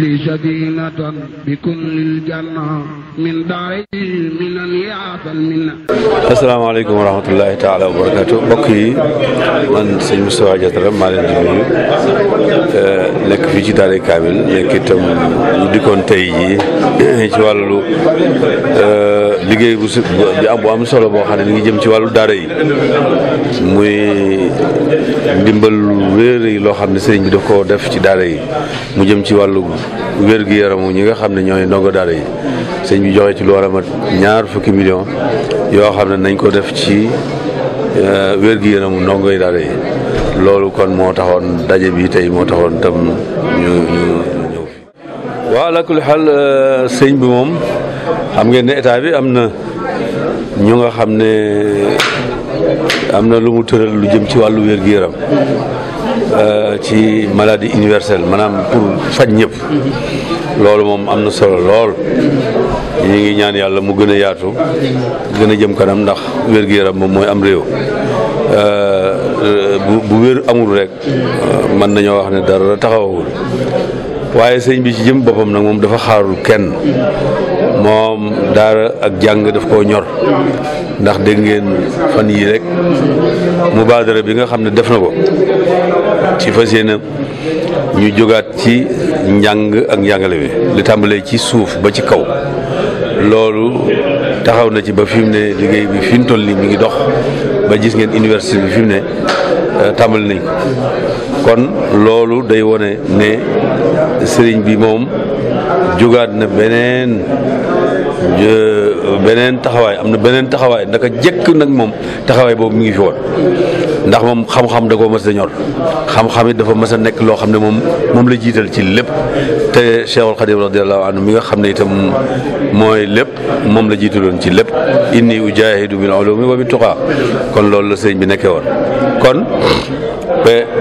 li sadinatan bi kun lil janna min daari asalaamaaleykum wa rahmatullahi taala barakaatu mbokk yi man sëñ Moustapha Diatara maa leen di nuyu eh, nekk fii ci Daaray Kaamil nekk itam ñu dikkoon tey jii ci wàllu eh, liggéey solo boo xam ne ñu ngi jëm ci wàllu daara yi muy ndimbal wéer yi loo xam ne sëriñ bi daf ko def ci daara yi mu jëm ci wàllu wér gi yaramu ñi nga xam ne ñooy ndongo daara yi sëñ bi joxe ci lu war ñaar fukki million yoo xam ne nañ ko def ci euh, wér gi yaramu ndongo yi daara yi loolu kon moo taxoon daje bi tey moo taxoon tam ñu ñu euh, sëñ bi moom xam ngeen ne état bi am na ñu nga xam ne am na lu mu tëral lu jëm ci wàllu wér gi yaram euh, ci maladie universelle maanaam pour faj ñëpp loolu moom am na solo lool ñu ngi ñaan yàlla mu gën a yaatu gën a jëm kanam ndax wér-gu-yaram moom mooy am réew euh, bu bu wér amul rek euh, mën nañoo wax ne dara taxawagul waaye sëñ bi ci jëm boppam nag moom dafa xaarul kenn moom daara ak jàng daf koo ñor ndax dégg ngeen fan yii rek mu mubaadara bi nga xam ne def na ko ci fas yéene ñu jógaat ci njàng ak njàngale bi li tàmbalee ci suuf ba ci kaw loolu taxaw na ci ba fi mu ne liggéey bi fi mu toll nii mi ngi dox ba gis ngeen université bi fi mu ne euh, tàmbali nañ ko kon loolu day wone ne sëriñ bi moom jógaat na beneen beneen taxawaay am na beneen taxawaay naka jëkk nag moom taxawaay boobu mi ngi fi woon ndax moom xam-xam da koo mës a ñor xam-xam dafa mës a nekk loo xam ne moom moom la jiital ci lépp te Cheikhul Khadim radiyallahu anhu mi nga xam ne itam mooy lépp moom la jiitaloon ci lépp inni ujahidu bil ulumi wa bi tuqa kon loolu la sëñ bi nekkee woon kon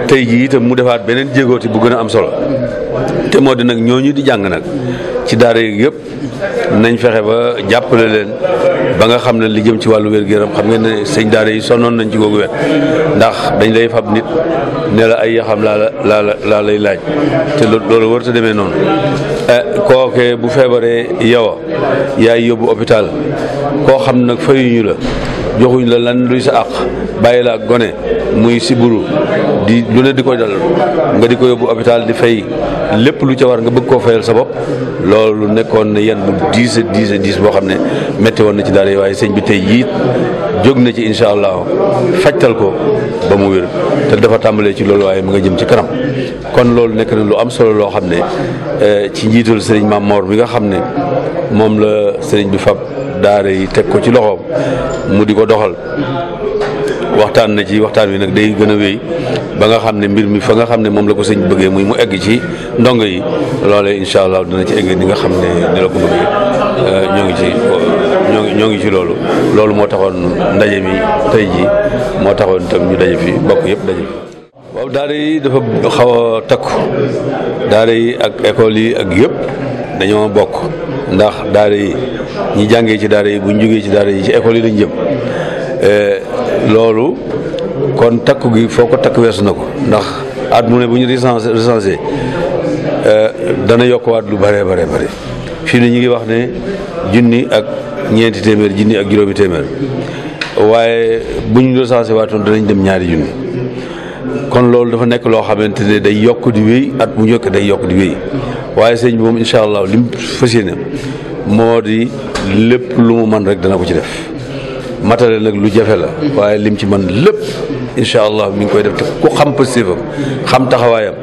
tey jii itam mu defaat beneen jéegooti bu gën a am solo te moo dina nag ñu di jàng nag ci daara yi yëpp nañ fexe ba jàppale leen ba nga xam ne li jëm ci wàllu wér-gu-yaram xam ngeen ne sëñ daara yi sonoon nañ ci googu wet ndax dañ lay fab nit ne la ay yaxam laa la laa lay laaj te loolu war ta demee noonu eh, kooke bu feebaree yow yaay yóbbu hôpital koo xam nag fayuñu la joxuñ la lan luy sa àq bàyyi la ak gone muy siburu di lu ne di ko dal nga di ko yóbbu hôpital di fay lépp lu ca war nga bëgg koo fayal sa bopp loolu nekkoon na yenn bu diis a diis a diis boo xam ne métti woon na ci daara yi waaye sëñ bi tey yiit jóg na ci incha allah fajtal ko ba mu wér te dafa tàmbalee ci loolu waaye mu nga jëm ci kanam kon loolu nekk na lu am solo loo xam ne eh, ci njiitul sëriñ Maam Mor bi nga xam ne moom la sëriñ bi fab daara yi teg ko ci loxoom mu di ko doxal waxtaan na ci waxtaan wi nag day gën a wéy ba nga xam ne mbir mi fa nga xam ne moom la ko sëñ bëggee muy mu egg ci ndongo yi loole incha allah dina ci egg ni nga xam ne ni la ko bëggee euh, ñoo ngi ci ñoo ñoo ngi ci loolu loolu moo taxoon ndaje mi tey ji moo taxoon tam ñu daje fi bokk yëpp daje fi waaw daara yi dafa xaw a takku daara yi ak école yi ak yëpp dañoo bokk ndax daara yi ñi jàngee ci daara yi bu ñu jógee ci daara yi ci école yi lañ jëm euh, loolu kon takku gi foo ko takk weesu na ko ndax at mu ne bu ñu recensé recensé euh, dana yokkuwaat lu bare bare bare fii ni ñu ngi wax ne junni ak ñeenti téeméer junni ak juróomi téeméer waaye bu ñu recensé waatoon danañ dem ñaari junni kon loolu dafa nekk loo xamante ne day yokk di wéy at mu yokk day yokk di wéy waaye sëñ bi moom incha allah lim mu fas yéene moo di lépp lu mu man rek dana ko ci def matale nag lu jafe la waaye lim ci man lépp incha allah mi ngi koy def te ku xam pëstéefam xam taxawaayam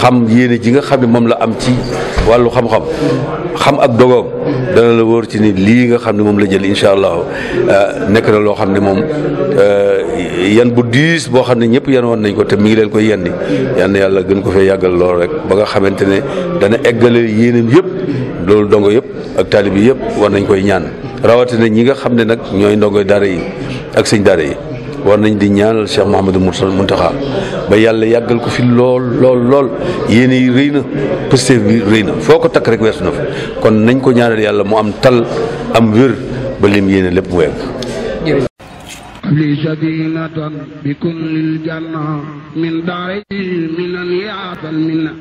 xam yéene ji nga xam ne moom la am ci wàllu xam-xam xam ak dogoom dana la wóor ci ni lii nga xam ne moom la jël incha allah euh, nekk na loo xam ne moom euh, yan bu diis boo xam ne ñëpp yan woon nañ ko te mi ngi leen koy yenni yan yàlla gën ko fee yàggal loolu rek ba nga xamante ne dana eggale yéeneen yëpp loolu dongo yëpp ak taalib yi yëpp war nañ koy ñaan rawatina ñi nga xam ne nag ñooy ndongo daara yi ak sëñ daara yi war nañ di ñaanal Cheikh Mouhamadou Moursal Mountakha ba yàlla yàggal ko fi lool lool lool yéene yi rëy na pëstéef bi rëy na foo ko takk rek weesu na fa kon nañ ko ñaanal yàlla mu am tal am wér ba lim yéene lépp mu yegg